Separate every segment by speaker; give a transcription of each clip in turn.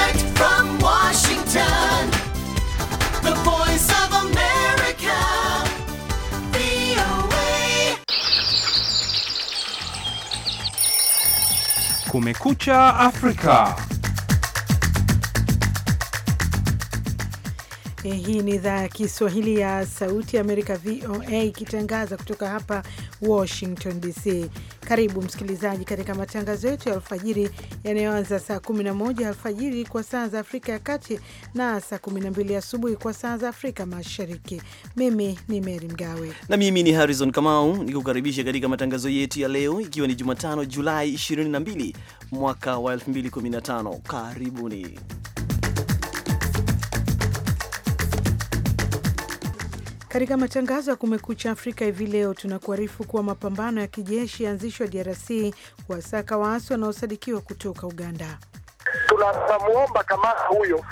Speaker 1: Direct from Washington, the voice of
Speaker 2: America, VOA.
Speaker 3: Kumekucha Afrika.
Speaker 4: Eh, hii ni idhaa ya Kiswahili ya Sauti ya Amerika, VOA, ikitangaza kutoka hapa Washington DC. Karibu msikilizaji katika matangazo yetu ya alfajiri yanayoanza saa 11 alfajiri kwa saa za Afrika ya Kati na saa 12 asubuhi kwa saa za Afrika Mashariki. Mimi ni Meri Mgawe na
Speaker 1: mimi ni Harrison Kamau nikukaribisha katika matangazo yetu ya leo, ikiwa ni Jumatano Julai 22 mwaka wa 2015. Karibuni.
Speaker 4: Katika matangazo ya Kumekucha Afrika hivi leo, tunakuarifu kuwa mapambano ya kijeshi yaanzishwa DRC kuwasaka waasi wanaosadikiwa kutoka Uganda.
Speaker 5: Tunamwomba kamanda huyo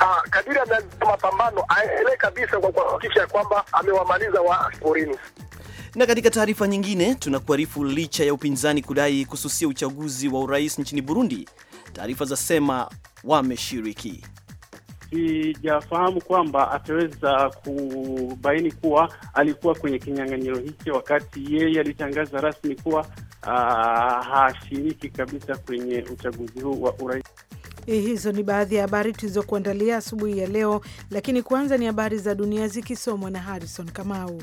Speaker 5: ah, kadiri ameanzisha mapambano aendelee kabisa kwa kuhakikisha ya kwamba amewamaliza waasi porini.
Speaker 1: Na katika taarifa nyingine tunakuarifu, licha ya upinzani kudai kususia uchaguzi wa urais nchini Burundi, taarifa zasema wameshiriki
Speaker 6: sijafahamu kwamba ataweza kubaini kuwa alikuwa kwenye kinyang'anyiro hiki, wakati yeye alitangaza rasmi kuwa ah, hashiriki kabisa kwenye uchaguzi huu wa urais.
Speaker 4: Eh, hizo ni baadhi ya habari tulizokuandalia asubuhi ya leo, lakini kwanza ni habari za dunia zikisomwa na Harrison Kamau.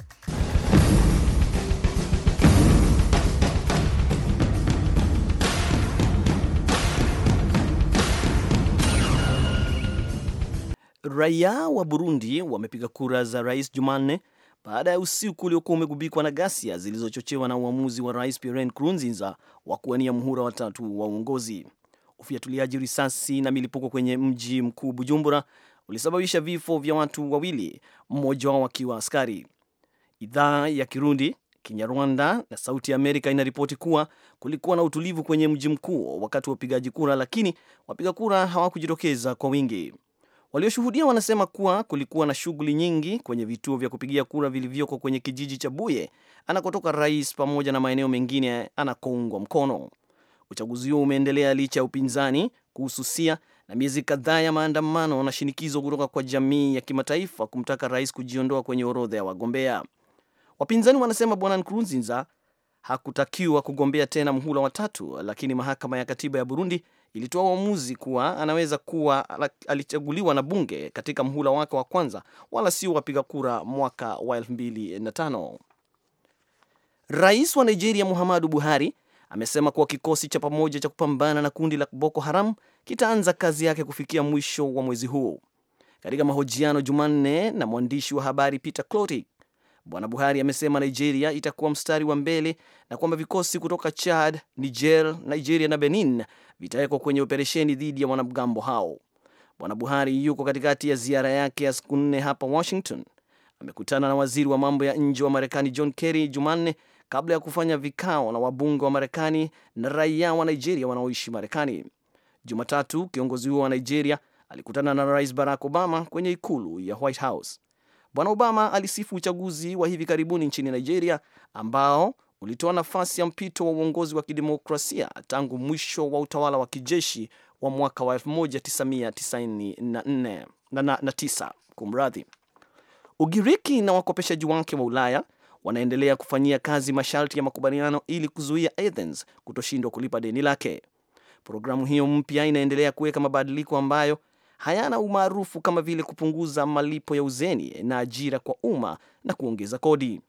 Speaker 1: Raia wa Burundi wamepiga kura za rais Jumanne baada ya usiku uliokuwa umegubikwa na ghasia zilizochochewa na uamuzi wa rais Pierre Nkurunziza wa kuwania muhula watatu wa uongozi. Ufiatuliaji risasi na milipuko kwenye mji mkuu Bujumbura ulisababisha vifo vya watu wawili, mmoja wao akiwa askari. Idhaa ya Kirundi, Kinyarwanda na Sauti ya Amerika inaripoti kuwa kulikuwa na utulivu kwenye mji mkuu wakati wa upigaji kura, lakini wapiga kura hawakujitokeza kwa wingi. Walioshuhudia wanasema kuwa kulikuwa na shughuli nyingi kwenye vituo vya kupigia kura vilivyoko kwenye kijiji cha Buye anakotoka rais pamoja na maeneo mengine anakoungwa mkono. Uchaguzi huo umeendelea licha ya upinzani kuhususia na miezi kadhaa ya maandamano na shinikizo kutoka kwa jamii ya kimataifa kumtaka rais kujiondoa kwenye orodha ya wagombea. Wapinzani wanasema bwana Nkurunziza hakutakiwa kugombea tena mhula watatu, lakini mahakama ya katiba ya Burundi ilitoa uamuzi kuwa anaweza kuwa alichaguliwa na bunge katika mhula wake wa kwanza, wala sio wapiga kura mwaka wa 2005. Rais wa Nigeria Muhammadu Buhari amesema kuwa kikosi cha pamoja cha kupambana na kundi la Boko Haram kitaanza kazi yake kufikia mwisho wa mwezi huu. Katika mahojiano Jumanne na mwandishi wa habari Peter Clotty, Bwana Buhari amesema Nigeria itakuwa mstari wa mbele na kwamba vikosi kutoka Chad, Niger, Nigeria na Benin vitawekwa kwenye operesheni dhidi ya wanamgambo hao. Bwana Buhari yuko katikati ya ziara yake ya siku nne hapa Washington. Amekutana na waziri wa mambo ya nje wa Marekani John Kerry Jumanne kabla ya kufanya vikao na wabunge wa Marekani na raia wa Nigeria wanaoishi Marekani. Jumatatu, kiongozi huo wa Nigeria alikutana na Rais Barack Obama kwenye ikulu ya White House. Bwana Obama alisifu uchaguzi wa hivi karibuni nchini Nigeria ambao ulitoa nafasi ya mpito wa uongozi wa kidemokrasia tangu mwisho wa utawala wa kijeshi wa mwaka wa 1999. Kumradhi. Ugiriki na wakopeshaji wake wa Ulaya wanaendelea kufanyia kazi masharti ya makubaliano ili kuzuia Athens kutoshindwa kulipa deni lake. Programu hiyo mpya inaendelea kuweka mabadiliko ambayo hayana umaarufu kama vile kupunguza malipo ya uzeni na ajira kwa umma na kuongeza kodi.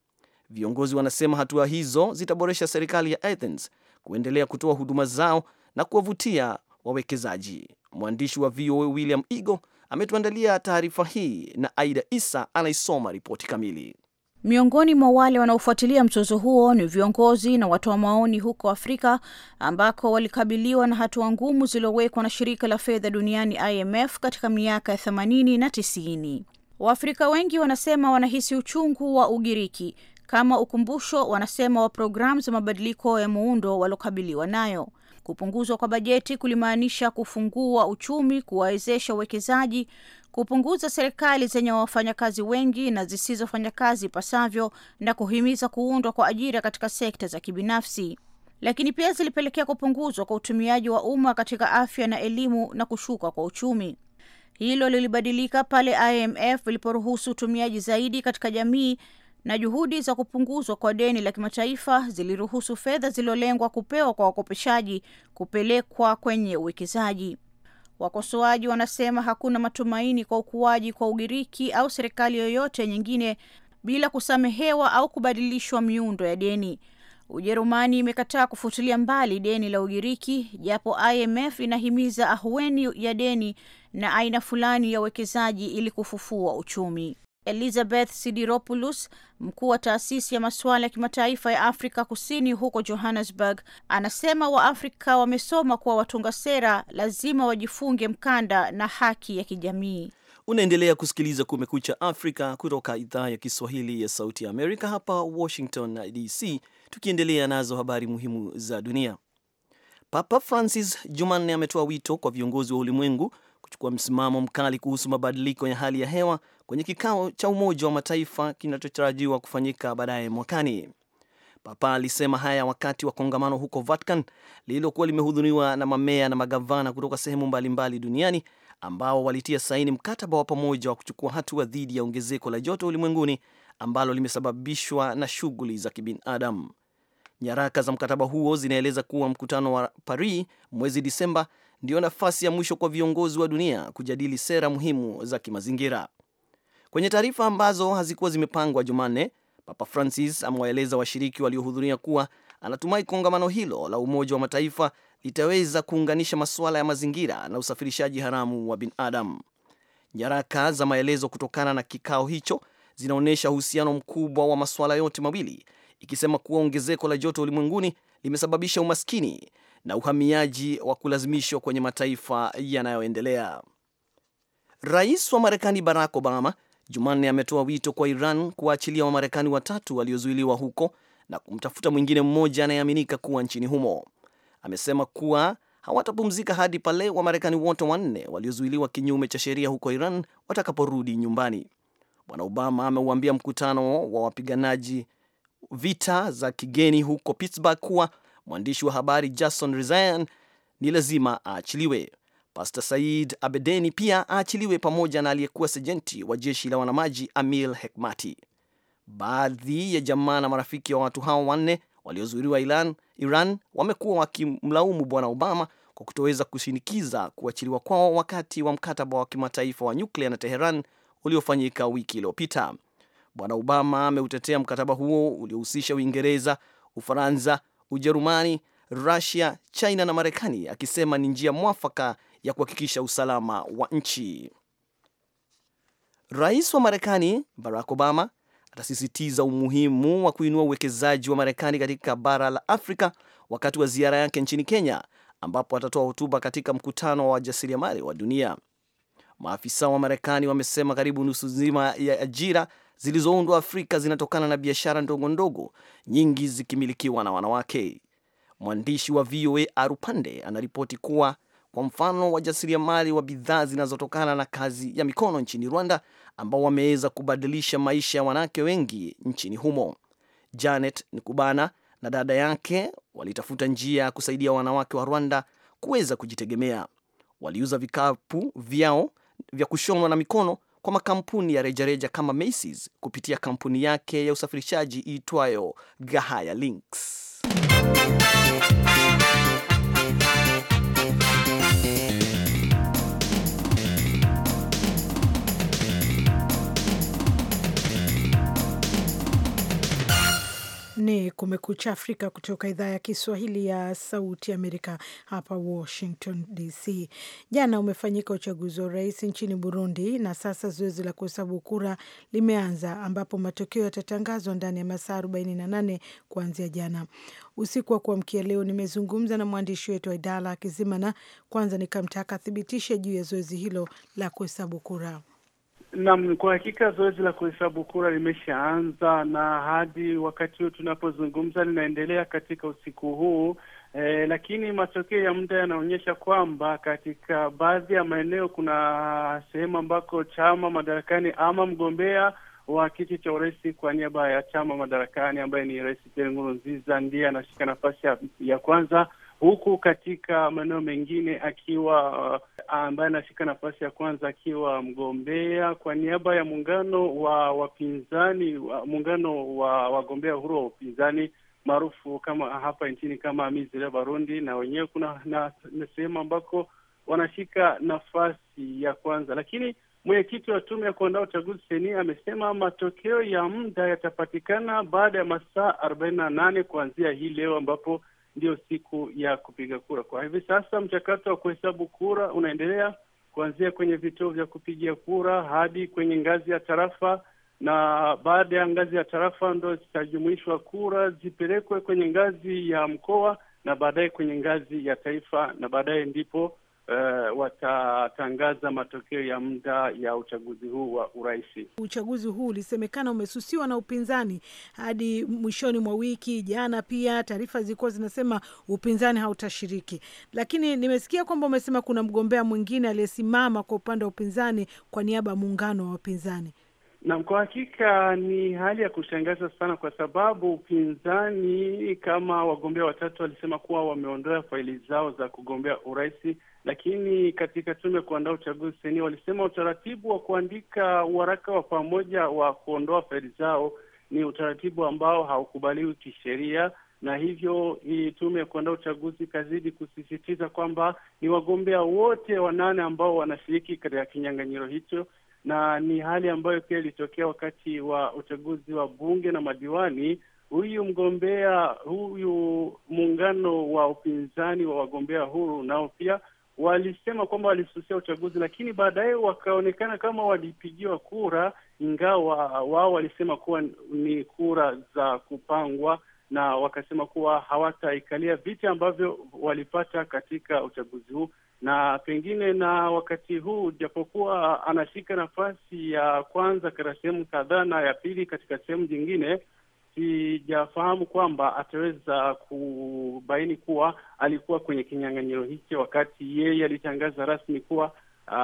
Speaker 1: Viongozi wanasema hatua hizo zitaboresha serikali ya Athens kuendelea kutoa huduma zao na kuwavutia wawekezaji. Mwandishi wa VOA William Igo ametuandalia taarifa hii na Aida Isa anaisoma
Speaker 7: ripoti kamili. Miongoni mwa wale wanaofuatilia mzozo huo ni viongozi na watoa maoni huko Afrika ambako walikabiliwa na hatua ngumu zilizowekwa na shirika la fedha duniani IMF katika miaka ya 80 na 90. Waafrika wengi wanasema wanahisi uchungu wa Ugiriki kama ukumbusho, wanasema wa programu za mabadiliko ya muundo waliokabiliwa nayo. Kupunguzwa kwa bajeti kulimaanisha kufungua uchumi, kuwawezesha uwekezaji, kupunguza serikali zenye wafanyakazi wengi na zisizofanya kazi pasavyo, na kuhimiza kuundwa kwa ajira katika sekta za kibinafsi lakini pia zilipelekea kupunguzwa kwa utumiaji wa umma katika afya na elimu na kushuka kwa uchumi. Hilo lilibadilika pale IMF iliporuhusu utumiaji zaidi katika jamii na juhudi za kupunguzwa kwa deni la kimataifa ziliruhusu fedha zilizolengwa kupewa kwa wakopeshaji kupelekwa kwenye uwekezaji. Wakosoaji wanasema hakuna matumaini kwa ukuaji kwa Ugiriki au serikali yoyote nyingine bila kusamehewa au kubadilishwa miundo ya deni. Ujerumani imekataa kufutilia mbali deni la Ugiriki, japo IMF inahimiza ahueni ya deni na aina fulani ya uwekezaji ili kufufua uchumi. Elizabeth Sidiropoulos, mkuu wa taasisi ya masuala ya kimataifa ya Afrika Kusini huko Johannesburg, anasema Waafrika wamesoma kuwa watunga sera lazima wajifunge mkanda na haki ya kijamii.
Speaker 1: Unaendelea kusikiliza Kumekucha Afrika kutoka idhaa ya Kiswahili ya Sauti ya Amerika hapa Washington DC, tukiendelea nazo habari muhimu za dunia. Papa Francis Jumanne ametoa wito kwa viongozi wa ulimwengu kuchukua msimamo mkali kuhusu mabadiliko ya hali ya hewa kwenye kikao cha Umoja wa Mataifa kinachotarajiwa kufanyika baadaye mwakani. Papa alisema haya wakati wa kongamano huko Vatican lililokuwa limehudhuriwa na mamea na magavana kutoka sehemu mbalimbali duniani ambao walitia saini mkataba wa pamoja wa kuchukua hatua dhidi ya ongezeko la joto ulimwenguni ambalo limesababishwa na shughuli za kibinadamu. Nyaraka za mkataba huo zinaeleza kuwa mkutano wa Paris mwezi Disemba ndiyo nafasi ya mwisho kwa viongozi wa dunia kujadili sera muhimu za kimazingira. Kwenye taarifa ambazo hazikuwa zimepangwa Jumanne, Papa Francis amewaeleza washiriki waliohudhuria kuwa anatumai kongamano hilo la Umoja wa Mataifa litaweza kuunganisha masuala ya mazingira na usafirishaji haramu wa binadamu. Nyaraka za maelezo kutokana na kikao hicho zinaonyesha uhusiano mkubwa wa masuala yote mawili, ikisema kuwa ongezeko la joto ulimwenguni limesababisha umaskini na uhamiaji wa kulazimishwa kwenye mataifa yanayoendelea. Rais wa Marekani Barack Obama Jumanne ametoa wito kwa Iran kuwaachilia Wamarekani watatu waliozuiliwa huko na kumtafuta mwingine mmoja anayeaminika kuwa nchini humo. Amesema kuwa hawatapumzika hadi pale Wamarekani wote wanne waliozuiliwa kinyume cha sheria huko Iran watakaporudi nyumbani. Bwana Obama ameuambia mkutano wa wapiganaji vita za kigeni huko Pittsburgh kuwa mwandishi wa habari Jason Rezaian ni lazima aachiliwe. Pasta Said Abedeni pia aachiliwe pamoja na aliyekuwa sejenti wa jeshi la wanamaji Amil Hekmati. Baadhi ya jamaa na marafiki wa watu hao wanne waliozuiliwa Iran, Iran wamekuwa wakimlaumu Bwana Obama kwa kutoweza kushinikiza kuachiliwa kwao wakati wa mkataba wa kimataifa wa nyuklia na Teheran uliofanyika wiki iliyopita. Bwana Obama ameutetea mkataba huo uliohusisha Uingereza, Ufaransa, Ujerumani, Rusia, China na Marekani, akisema ni njia mwafaka ya kuhakikisha usalama wa nchi. Rais wa Marekani Barack Obama atasisitiza umuhimu wa kuinua uwekezaji wa Marekani katika bara la Afrika wakati wa ziara yake nchini Kenya, ambapo atatoa hotuba katika mkutano wa wajasiriamali wa dunia. Maafisa wa Marekani wamesema karibu nusu nzima ya ajira zilizoundwa Afrika zinatokana na biashara ndogo ndogo, nyingi zikimilikiwa na wanawake. Mwandishi wa VOA Arupande anaripoti kuwa kwa mfano wajasiriamali wa bidhaa zinazotokana na kazi ya mikono nchini Rwanda ambao wameweza kubadilisha maisha ya wanawake wengi nchini humo. Janet Nkubana na dada yake walitafuta njia ya kusaidia wanawake wa Rwanda kuweza kujitegemea. Waliuza vikapu vyao vya kushonwa na mikono kwa makampuni ya rejareja kama Macy's kupitia kampuni yake ya usafirishaji iitwayo Gahaya Links.
Speaker 4: ni Kumekucha Afrika kutoka idhaa ya Kiswahili ya Sauti Amerika hapa Washington DC. Jana umefanyika uchaguzi wa urais nchini Burundi na sasa zoezi la kuhesabu kura limeanza, ambapo matokeo yatatangazwa ndani ya masaa 48 kuanzia jana. Usiku wa kuamkia leo nimezungumza na mwandishi wetu wa idara Kizimana, kwanza nikamtaka athibitishe juu ya zoezi hilo la kuhesabu kura.
Speaker 6: Naam, kwa hakika zoezi la kuhesabu kura limeshaanza na hadi wakati huu tunapozungumza linaendelea katika usiku huu e, lakini matokeo ya muda yanaonyesha kwamba katika baadhi ya maeneo kuna sehemu ambako chama madarakani ama mgombea wa kiti cha urais kwa niaba ya chama madarakani ambaye ni Rais Pierre Nkurunziza ndiye anashika nafasi ya, ya kwanza huku katika maeneo mengine akiwa uh, ambaye anashika nafasi ya kwanza akiwa mgombea kwa niaba ya muungano wa wapinzani, muungano wa wagombea uhuru wa upinzani maarufu kama hapa nchini kama mizile Barundi, na wenyewe kuna na, na sehemu ambako wanashika nafasi ya kwanza, lakini mwenyekiti wa tume ya kuandaa uchaguzi seni amesema matokeo ya muda yatapatikana baada ya masaa arobaini na nane kuanzia hii leo ambapo ndiyo siku ya kupiga kura. Kwa hivi sasa mchakato wa kuhesabu kura unaendelea kuanzia kwenye vituo vya kupigia kura hadi kwenye ngazi ya tarafa, na baada ya ngazi ya tarafa ndo zitajumuishwa kura zipelekwe kwenye ngazi ya mkoa na baadaye kwenye ngazi ya taifa, na baadaye ndipo Uh, watatangaza matokeo ya muda ya uchaguzi huu wa urais.
Speaker 4: Uchaguzi huu ulisemekana umesusiwa na upinzani hadi mwishoni mwa wiki jana. Pia taarifa zilikuwa zinasema upinzani hautashiriki, lakini nimesikia kwamba umesema kuna mgombea mwingine aliyesimama kwa upande wa upinzani kwa niaba ya muungano wa upinzani.
Speaker 6: Naam, kwa hakika ni hali ya kushangaza sana, kwa sababu upinzani kama wagombea watatu walisema kuwa wameondoa faili zao za kugombea urais, lakini katika tume ya kuandaa uchaguzi seni walisema utaratibu wa kuandika waraka wa pamoja wa kuondoa faili zao ni utaratibu ambao haukubaliwi kisheria, na hivyo hii tume ya kuandaa uchaguzi ikazidi kusisitiza kwamba ni wagombea wote wanane ambao wanashiriki katika kinyang'anyiro hicho na ni hali ambayo pia ilitokea wakati wa uchaguzi wa bunge na madiwani. Huyu mgombea huyu muungano wa upinzani wa wagombea huru nao pia walisema kwamba walisusia uchaguzi, lakini baadaye wakaonekana kama walipigiwa kura, ingawa wao walisema kuwa ni kura za kupangwa, na wakasema kuwa hawataikalia viti ambavyo walipata katika uchaguzi huu na pengine na wakati huu, japokuwa anashika nafasi ya kwanza katika sehemu kadhaa na ya pili katika sehemu nyingine, sijafahamu kwamba ataweza kubaini kuwa alikuwa kwenye kinyang'anyiro hicho, wakati yeye alitangaza rasmi kuwa Uh,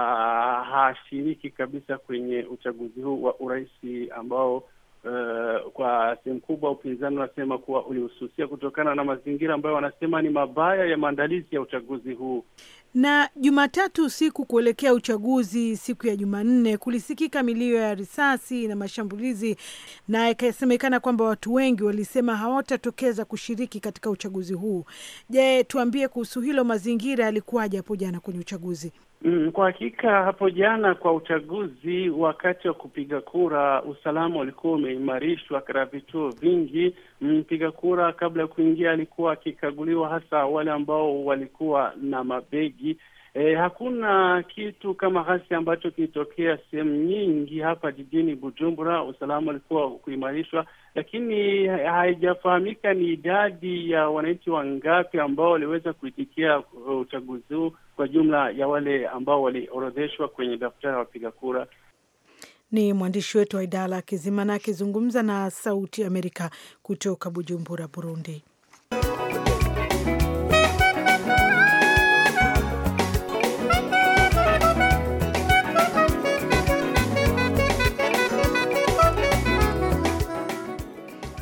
Speaker 6: hashiriki kabisa kwenye uchaguzi huu wa urais ambao, uh, kwa sehemu kubwa upinzani wanasema kuwa ulihususia kutokana na mazingira ambayo wanasema ni mabaya ya maandalizi ya uchaguzi huu.
Speaker 4: Na Jumatatu usiku kuelekea uchaguzi siku ya Jumanne, kulisikika milio ya risasi na mashambulizi, na ikasemekana kwamba watu wengi walisema hawatatokeza kushiriki katika uchaguzi huu. Je, tuambie kuhusu hilo, mazingira yalikuwaje hapo jana kwenye uchaguzi? Mm,
Speaker 6: kwa hakika hapo jana kwa uchaguzi, wakati wa kupiga kura, usalama ulikuwa umeimarishwa katika vituo vingi. Mpiga kura kabla ya kuingia alikuwa akikaguliwa, hasa wale ambao walikuwa na mabegi e, hakuna kitu kama hasi ambacho kilitokea sehemu nyingi hapa jijini Bujumbura. Usalama ulikuwa kuimarishwa lakini haijafahamika ni idadi ya wananchi wangapi ambao waliweza kuitikia uh, uchaguzi huu kwa jumla ya wale ambao waliorodheshwa kwenye daftari ya wapiga kura.
Speaker 4: Ni mwandishi wetu wa idara Kizimana akizungumza na Sauti Amerika kutoka Bujumbura, Burundi.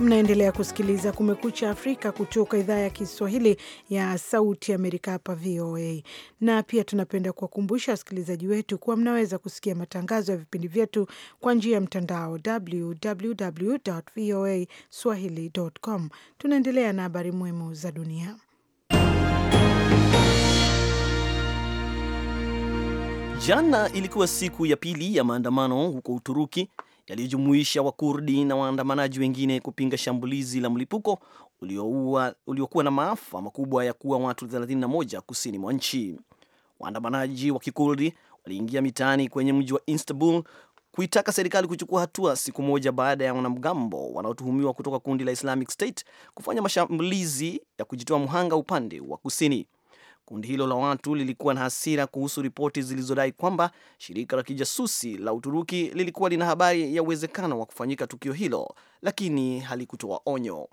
Speaker 4: Mnaendelea kusikiliza Kumekucha Afrika kutoka idhaa ya Kiswahili ya Sauti Amerika hapa VOA, na pia tunapenda kuwakumbusha wasikilizaji wetu kuwa mnaweza kusikia matangazo ya vipindi vyetu kwa njia ya mtandao www.voaswahili.com. Tunaendelea na habari muhimu za dunia.
Speaker 1: Jana ilikuwa siku ya pili ya maandamano huko Uturuki yaliyojumuisha Wakurdi na waandamanaji wengine kupinga shambulizi la mlipuko uliokuwa na maafa makubwa ya kuwa watu 31 kusini mwa nchi. Waandamanaji wa Kikurdi waliingia mitaani kwenye mji wa Istanbul kuitaka serikali kuchukua hatua siku moja baada ya wanamgambo wanaotuhumiwa kutoka kundi la Islamic State kufanya mashambulizi ya kujitoa mhanga upande wa kusini. Kundi hilo la watu lilikuwa na hasira kuhusu ripoti zilizodai kwamba shirika la kijasusi la Uturuki lilikuwa lina habari ya uwezekano wa kufanyika tukio hilo, lakini halikutoa onyo.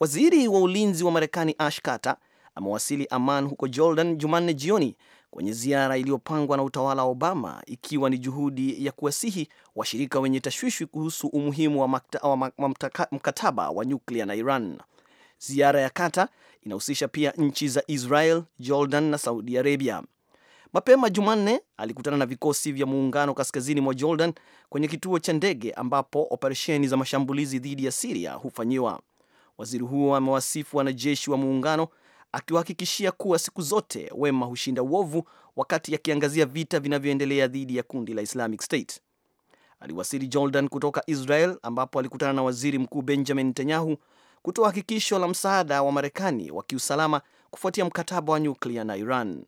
Speaker 1: Waziri wa ulinzi wa Marekani Ash Carter amewasili aman huko Jordan Jumanne jioni kwenye ziara iliyopangwa na utawala wa Obama, ikiwa ni juhudi ya kuwasihi washirika wenye tashwishwi kuhusu umuhimu wa, wa mkataba wa nyuklia na Iran. Ziara ya Carter inahusisha pia nchi za Israel, Jordan na Saudi Arabia. Mapema Jumanne alikutana na vikosi vya muungano kaskazini mwa Jordan kwenye kituo cha ndege ambapo operesheni za mashambulizi dhidi ya Siria hufanyiwa. Waziri huo amewasifu wanajeshi wa muungano akiwahakikishia kuwa siku zote wema hushinda uovu, wakati akiangazia vita vinavyoendelea dhidi ya kundi la Islamic State. Aliwasili Jordan kutoka Israel ambapo alikutana na waziri mkuu Benjamin Netanyahu kutoa hakikisho la msaada wa Marekani wa kiusalama kufuatia mkataba wa nyuklia na Iran.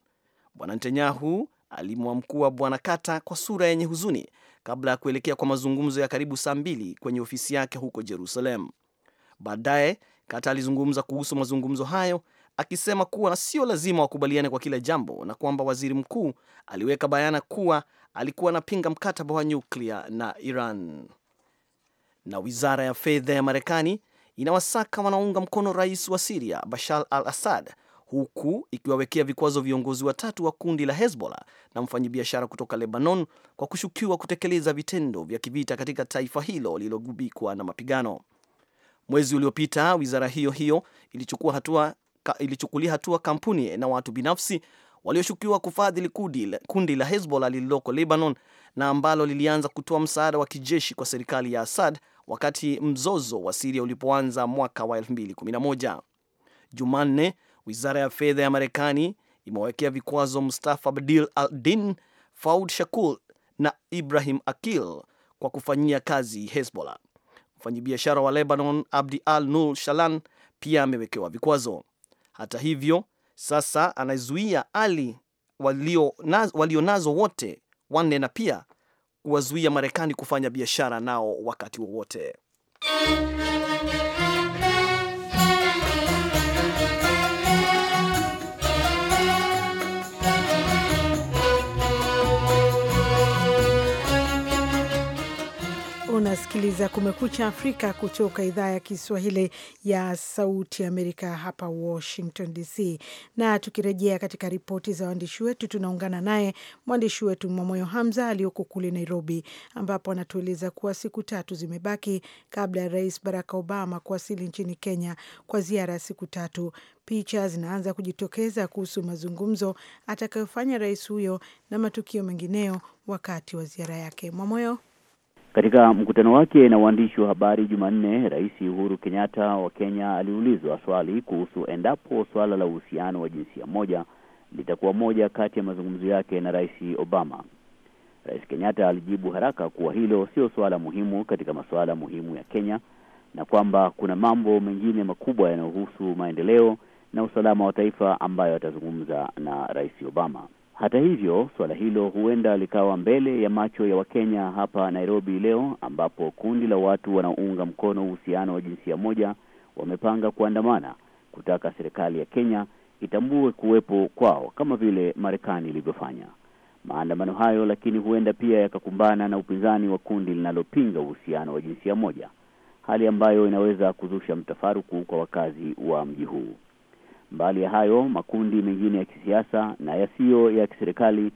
Speaker 1: Bwana Netanyahu alimwamkua Bwana Kata kwa sura yenye huzuni kabla ya kuelekea kwa mazungumzo ya karibu saa mbili kwenye ofisi yake huko Jerusalem. Baadaye Kata alizungumza kuhusu mazungumzo hayo akisema kuwa sio lazima wakubaliane kwa kila jambo na kwamba waziri mkuu aliweka bayana kuwa alikuwa anapinga mkataba wa nyuklia na Iran. Na wizara ya fedha ya Marekani inawasaka wanaunga mkono rais wa Siria Bashar al Assad, huku ikiwawekea vikwazo viongozi watatu wa kundi la Hezbollah na mfanyabiashara kutoka Lebanon kwa kushukiwa kutekeleza vitendo vya kivita katika taifa hilo lililogubikwa na mapigano. Mwezi uliopita wizara hiyo hiyo ilichukua hatua, ilichukulia hatua kampuni na watu binafsi walioshukiwa kufadhili kundi la Hezbollah lililoko Lebanon na ambalo lilianza kutoa msaada wa kijeshi kwa serikali ya Assad wakati mzozo wa Siria ulipoanza mwaka wa 2011. Jumanne, wizara ya fedha ya Marekani imewawekea vikwazo Mustafa Abdil Aldin, Faud Shakul na Ibrahim Akil kwa kufanyia kazi Hezbollah. Mfanyabiashara wa Lebanon Abdi Al Nur Shalan pia amewekewa vikwazo. Hata hivyo, sasa anazuia ali walio nazo wote wanne na pia kuwazuia Marekani kufanya biashara nao wakati wowote.
Speaker 4: unasikiliza Kumekucha Afrika kutoka idhaa ya Kiswahili ya Sauti Amerika hapa Washington DC. Na tukirejea katika ripoti za waandishi wetu, tunaungana naye mwandishi wetu Mwamoyo Hamza aliyoko kule Nairobi, ambapo anatueleza kuwa siku tatu zimebaki kabla ya Rais Barack Obama kuwasili nchini Kenya kwa ziara ya siku tatu. Picha zinaanza kujitokeza kuhusu mazungumzo atakayofanya rais huyo na matukio mengineyo wakati wa ziara yake. Mwamoyo.
Speaker 2: Katika mkutano wake na waandishi wa habari Jumanne, Rais Uhuru Kenyatta wa Kenya aliulizwa swali kuhusu endapo swala la uhusiano wa jinsia moja litakuwa moja kati ya mazungumzo yake na Rais Obama. Rais Kenyatta alijibu haraka kuwa hilo sio suala muhimu katika masuala muhimu ya Kenya na kwamba kuna mambo mengine makubwa yanayohusu maendeleo na usalama wa taifa ambayo atazungumza na Rais Obama. Hata hivyo, suala hilo huenda likawa mbele ya macho ya Wakenya hapa Nairobi leo, ambapo kundi la watu wanaounga mkono uhusiano wa jinsia moja wamepanga kuandamana kutaka serikali ya Kenya itambue kuwepo kwao kama vile Marekani ilivyofanya. Maandamano hayo lakini huenda pia yakakumbana na upinzani wa kundi linalopinga uhusiano wa jinsia moja, hali ambayo inaweza kuzusha mtafaruku kwa wakazi wa mji huu. Mbali ya hayo, makundi mengine ya kisiasa na yasiyo ya kiserikali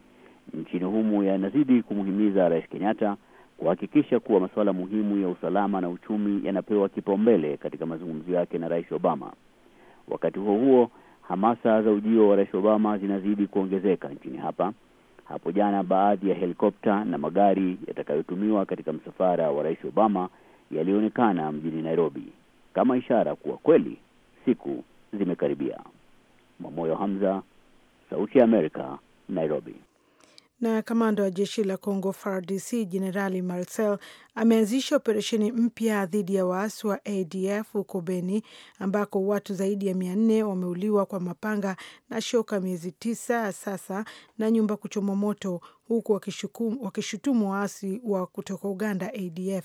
Speaker 2: nchini humu yanazidi kumhimiza Rais Kenyatta kuhakikisha kuwa masuala muhimu ya usalama na uchumi yanapewa kipaumbele katika mazungumzo yake na Rais Obama. Wakati huo huo, hamasa za ujio wa Rais Obama zinazidi kuongezeka nchini hapa. Hapo jana, baadhi ya helikopta na magari yatakayotumiwa katika msafara wa Rais Obama yalionekana mjini Nairobi kama ishara kuwa kweli siku zimekaribia. Mwamoyo Hamza, Sauti ya Amerika, Nairobi.
Speaker 4: Na kamanda wa jeshi la Congo FARDC Jenerali Marcel ameanzisha operesheni mpya dhidi ya waasi wa ADF huko Beni ambako watu zaidi ya mia nne wameuliwa kwa mapanga na shoka miezi tisa sasa na nyumba kuchoma moto huku wakishutumu waasi wa kutoka Uganda ADF.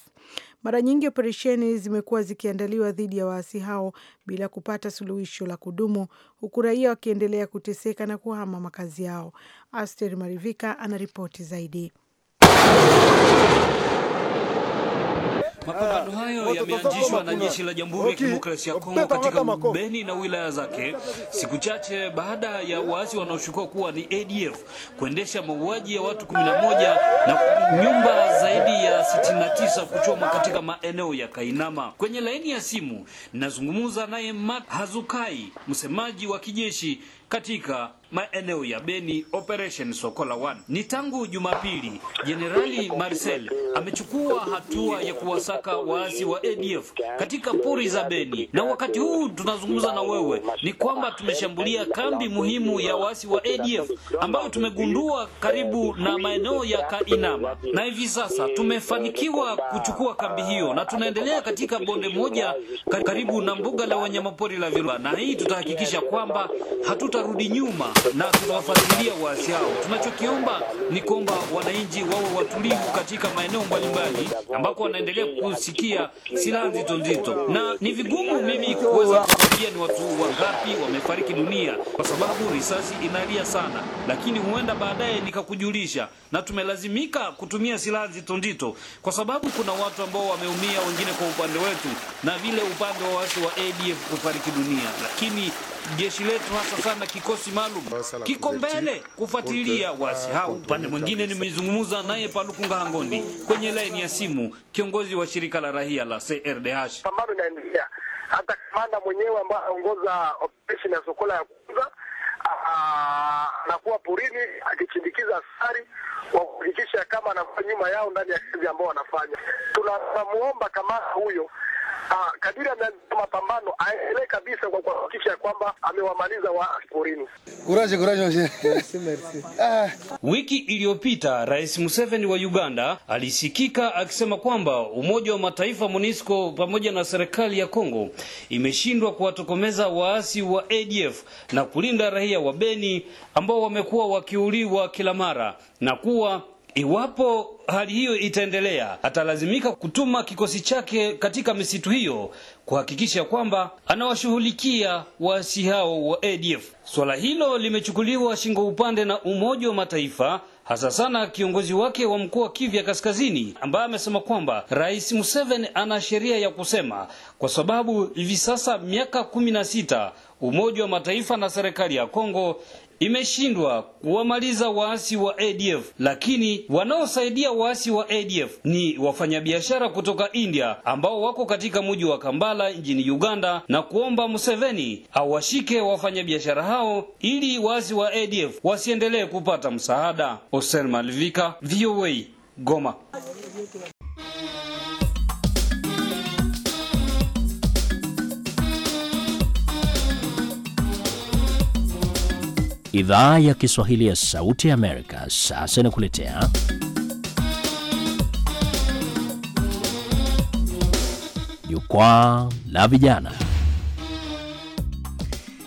Speaker 4: Mara nyingi operesheni zimekuwa zikiandaliwa dhidi ya waasi hao bila kupata suluhisho la kudumu, huku raia wakiendelea kuteseka na kuhama makazi yao. Aster Marivika anaripoti zaidi.
Speaker 3: Mapambano ah, hayo yameanzishwa na jeshi la Jamhuri ya Kidemokrasia ya Kongo katika Beni na wilaya zake, siku chache baada ya waasi wanaoshukiwa kuwa ni ADF kuendesha mauaji ya watu 11 na nyumba zaidi ya 69 kuchoma katika maeneo ya Kainama. Kwenye laini ya simu nazungumza naye Mat Hazukai, msemaji wa kijeshi katika maeneo ya Beni, Operation Sokola 1. Ni tangu Jumapili Jenerali Marcel amechukua hatua ya kuwasaka waasi wa ADF katika pori za Beni, na wakati huu tunazungumza na wewe ni kwamba tumeshambulia kambi muhimu ya waasi wa ADF ambayo tumegundua karibu na maeneo ya Kainama, na hivi sasa tumefanikiwa kuchukua kambi hiyo na tunaendelea katika bonde moja karibu na mbuga la wanyamapori la Virunga, na hii tutahakikisha kwamba hatutarudi nyuma na tunawafuatilia waasi hao. Tunachokiomba ni kwamba wananchi wawe watulivu katika maeneo mbalimbali ambako wanaendelea kusikia silaha nzito nzito, na ni vigumu mimi kuweza kuambia ni watu wangapi wamefariki dunia, kwa sababu risasi inalia sana, lakini huenda baadaye nikakujulisha. Na tumelazimika kutumia silaha nzito nzito kwa sababu kuna watu ambao wameumia, wengine kwa upande wetu, na vile upande wa watu wa ADF kufariki dunia, lakini jeshi letu hasa sana kikosi maalum kiko mbele kufuatilia wasi hao. Upande mwingine, nimezungumza naye Paluku Ngahangoni kwenye laini ya simu, kiongozi wa shirika la rahia la CRDH. Pambano inaendelea, hata kamanda mwenyewe ambaye anaongoza operation ya Sokola ya kwanza ah, anakuwa porini akichindikiza
Speaker 6: askari kwa kuhakikisha kama anakuwa nyuma yao ndani ya kazi ambao wanafanya. Tunamuomba
Speaker 1: kama huyo Ah, kadiri ameanza mapambano aendelee kabisa kwa kuhakikisha
Speaker 3: kwamba amewamaliza porini.
Speaker 6: Kuraje, kuraje.
Speaker 3: Ah. Wiki iliyopita Rais Museveni wa Uganda alisikika akisema kwamba Umoja wa Mataifa MONUSCO pamoja na serikali ya Kongo imeshindwa kuwatokomeza waasi wa ADF na kulinda raia wa Beni ambao wamekuwa wakiuliwa kila mara na kuwa Iwapo hali hiyo itaendelea, atalazimika kutuma kikosi chake katika misitu hiyo kuhakikisha kwamba anawashughulikia waasi hao wa ADF. Swala hilo limechukuliwa shingo upande na Umoja wa Mataifa, hasa sana kiongozi wake wa mkoa Kivya Kaskazini, ambaye amesema kwamba Rais Museveni ana sheria ya kusema, kwa sababu hivi sasa miaka kumi na sita Umoja wa Mataifa na serikali ya Kongo imeshindwa kuwamaliza waasi wa ADF, lakini wanaosaidia waasi wa ADF ni wafanyabiashara kutoka India ambao wako katika mji wa Kampala nchini Uganda, na kuomba Museveni awashike wafanyabiashara hao ili waasi wa ADF wasiendelee kupata msaada. Osen Malvika, VOA, Goma.
Speaker 2: Idhaa ya Kiswahili ya Sauti ya Amerika sasa inakuletea
Speaker 5: Jukwaa la Vijana.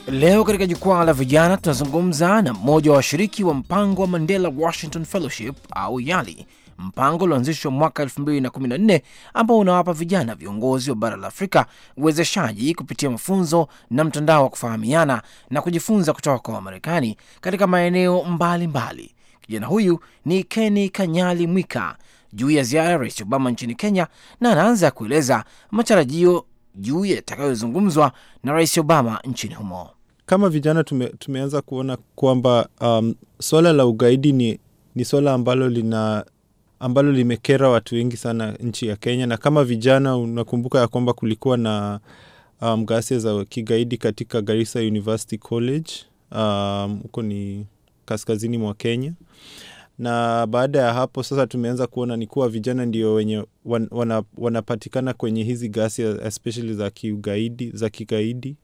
Speaker 5: Leo katika Jukwaa la Vijana tunazungumza na mmoja wa washiriki wa mpango wa Mandela Washington Fellowship au YALI mpango ulioanzishwa mwaka 2014 ambao unawapa vijana viongozi wa bara la Afrika uwezeshaji kupitia mafunzo na mtandao wa kufahamiana na kujifunza kutoka kwa Wamarekani katika maeneo mbalimbali mbali. Kijana huyu ni Keni Kanyali Mwika juu ya ziara ya Rais Obama nchini Kenya, na anaanza
Speaker 8: kueleza matarajio juu yatakayozungumzwa na Rais Obama nchini humo. Kama vijana tume, tumeanza kuona kwamba um, swala la ugaidi ni, ni swala ambalo lina ambalo limekera watu wengi sana nchi ya Kenya, na kama vijana, unakumbuka ya kwamba kulikuwa na um, ghasia za kigaidi katika Garissa University College um, huko um, ni kaskazini mwa Kenya na baada ya hapo sasa tumeanza kuona ni kuwa vijana ndio wenye wan, wana, wanapatikana kwenye hizi ghasia especially za kiugaidi za kigaidi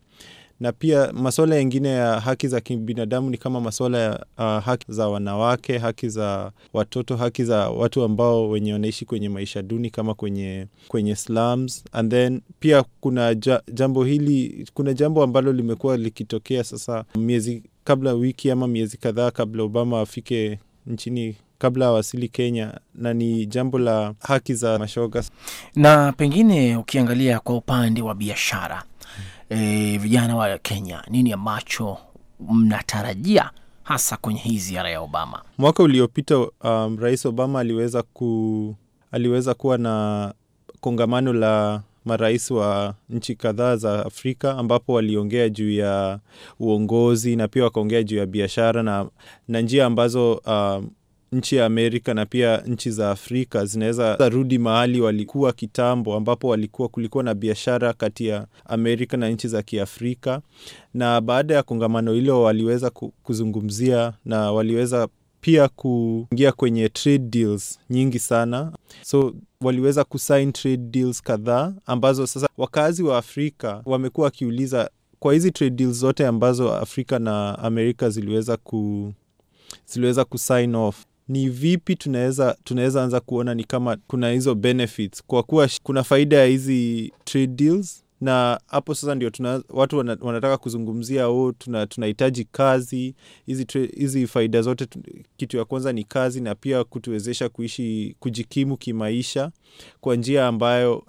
Speaker 8: na pia masuala yengine ya haki za kibinadamu ni kama masuala ya uh, haki za wanawake, haki za watoto, haki za watu ambao wenye wanaishi kwenye maisha duni kama kwenye, kwenye slums. And then pia kuna ja, jambo hili, kuna jambo ambalo limekuwa likitokea sasa miezi kabla wiki ama miezi kadhaa kabla Obama afike nchini kabla awasili Kenya, na ni jambo la haki za mashoga. Na pengine ukiangalia kwa upande wa biashara hmm, e, vijana wa Kenya,
Speaker 5: nini ambacho mnatarajia hasa kwenye hii ziara ya Obama
Speaker 8: mwaka uliopita? Um, Rais Obama aliweza, ku, aliweza kuwa na kongamano la marais wa nchi kadhaa za Afrika ambapo waliongea juu ya uongozi na pia wakaongea juu ya biashara na, na njia ambazo um, nchi ya Amerika na pia nchi za Afrika zinaweza rudi mahali walikuwa kitambo, ambapo walikuwa kulikuwa na biashara kati ya Amerika na nchi za Kiafrika. Na baada ya kongamano hilo waliweza kuzungumzia na waliweza pia kuingia kwenye trade deals nyingi sana, so waliweza kusign trade deals kadhaa ambazo sasa wakazi wa Afrika wamekuwa wakiuliza kwa hizi trade deals zote ambazo Afrika na Amerika ziliweza ku ziliweza kusign off ni vipi tunaweza tunaweza anza kuona ni kama kuna hizo benefits kwa kuwa kuna faida ya hizi trade deals na hapo sasa ndio tuna, watu wanataka kuzungumzia o oh, tuna, tunahitaji kazi hizi, hizi faida zote kitu ya kwanza ni kazi na pia kutuwezesha kuishi kujikimu kimaisha kwa njia ambayo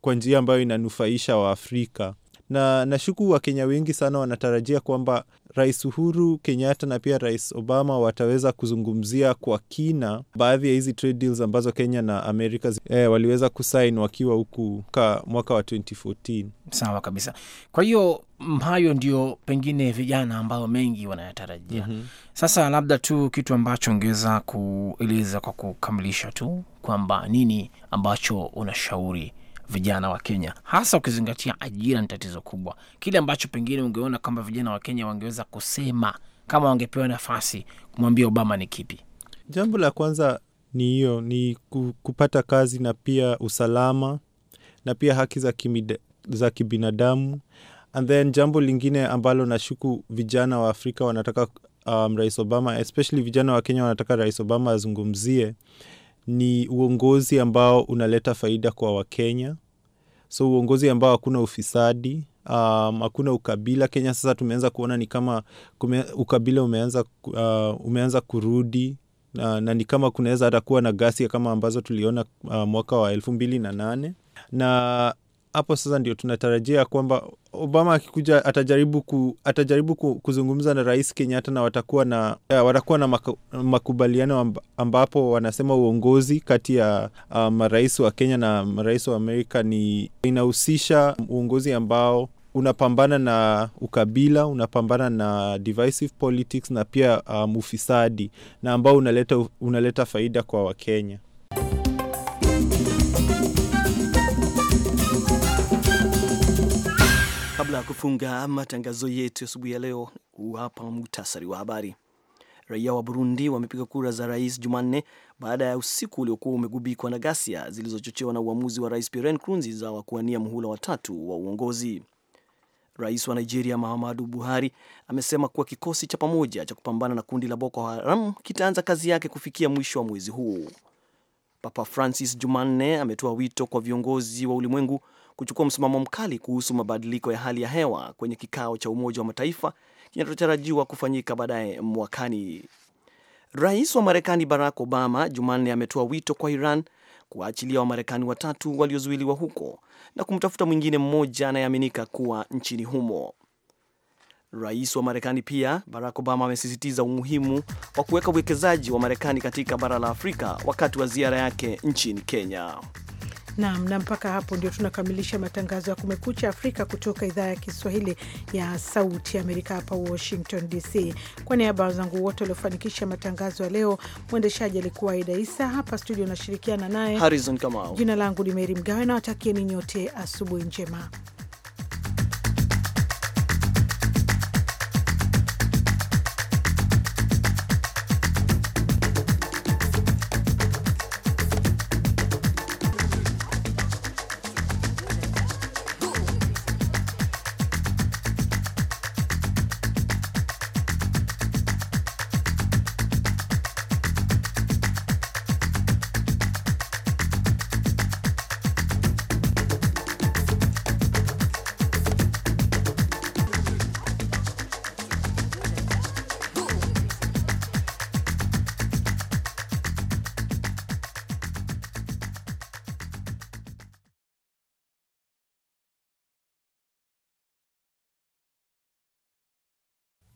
Speaker 8: kwa njia ambayo inanufaisha waafrika na nashuku wakenya wengi sana wanatarajia kwamba rais uhuru kenyatta na pia rais obama wataweza kuzungumzia kwa kina baadhi ya hizi trade deals ambazo kenya na amerika eh, waliweza kusain wakiwa huku mwaka wa 2014 sawa kabisa kwa hiyo hayo ndio
Speaker 5: pengine vijana ambao mengi wanayatarajia mm-hmm. sasa labda tu kitu ambacho ungeweza kueleza kwa kukamilisha tu kwamba nini ambacho unashauri vijana wa Kenya, hasa ukizingatia ajira ni tatizo kubwa, kile ambacho pengine ungeona kwamba vijana wa Kenya wangeweza kusema kama wangepewa nafasi kumwambia Obama ni kipi?
Speaker 8: Jambo la kwanza ni hiyo, ni kupata kazi na pia usalama na pia haki za, kimide, za kibinadamu. And then jambo lingine ambalo nashuku vijana wa Afrika wanataka um, Rais Obama especially vijana wa Kenya wanataka Rais Obama azungumzie ni uongozi ambao unaleta faida kwa wakenya so uongozi ambao hakuna ufisadi um, hakuna ukabila kenya sasa tumeanza kuona ni kama kume, ukabila umeanza, uh, umeanza kurudi na, na ni kama kunaweza hata kuwa na ghasia kama ambazo tuliona uh, mwaka wa elfu mbili na nane na hapo sasa ndio tunatarajia kwamba Obama akikuja atajaribu, ku, atajaribu ku, kuzungumza na Rais Kenyatta na watakuwa na, uh, watakuwa na maku, makubaliano ambapo wanasema uongozi kati ya uh, marais wa Kenya na marais wa Amerika ni inahusisha uongozi ambao unapambana na ukabila, unapambana na divisive politics na pia um, ah, ufisadi na ambao unaleta, unaleta faida kwa Wakenya.
Speaker 1: Kabla ya kufunga matangazo yetu asubuhi ya leo, hapa muhtasari wa habari. Raia wa Burundi wamepiga kura za rais Jumanne baada ya usiku uliokuwa umegubikwa na ghasia zilizochochewa na uamuzi wa rais Pierre Nkurunziza wa kuwania muhula watatu wa uongozi. Rais wa Nigeria Muhammadu Buhari amesema kuwa kikosi cha pamoja cha kupambana na kundi la Boko Haram kitaanza kazi yake kufikia mwisho wa mwezi huu. Papa Francis Jumanne ametoa wito kwa viongozi wa ulimwengu kuchukua msimamo mkali kuhusu mabadiliko ya hali ya hewa kwenye kikao cha Umoja wa Mataifa kinachotarajiwa kufanyika baadaye mwakani. Rais wa Marekani Barack Obama Jumanne ametoa wito kwa Iran kuwaachilia Wamarekani watatu waliozuiliwa huko na kumtafuta mwingine mmoja anayeaminika kuwa nchini humo. Rais wa Marekani pia Barack Obama amesisitiza umuhimu wa kuweka uwekezaji wa Marekani katika bara la Afrika wakati wa ziara yake nchini Kenya.
Speaker 4: Naam, na mpaka hapo ndio tunakamilisha matangazo ya Kumekucha Afrika kutoka idhaa ya Kiswahili ya Sauti Amerika hapa Washington DC. Kwa niaba ya wenzangu wote waliofanikisha matangazo ya leo, mwendeshaji alikuwa Aida Isa, hapa studio nashirikiana naye Harrison Kamau. Jina langu ni Meri Mgawe na watakieni nyote asubuhi njema.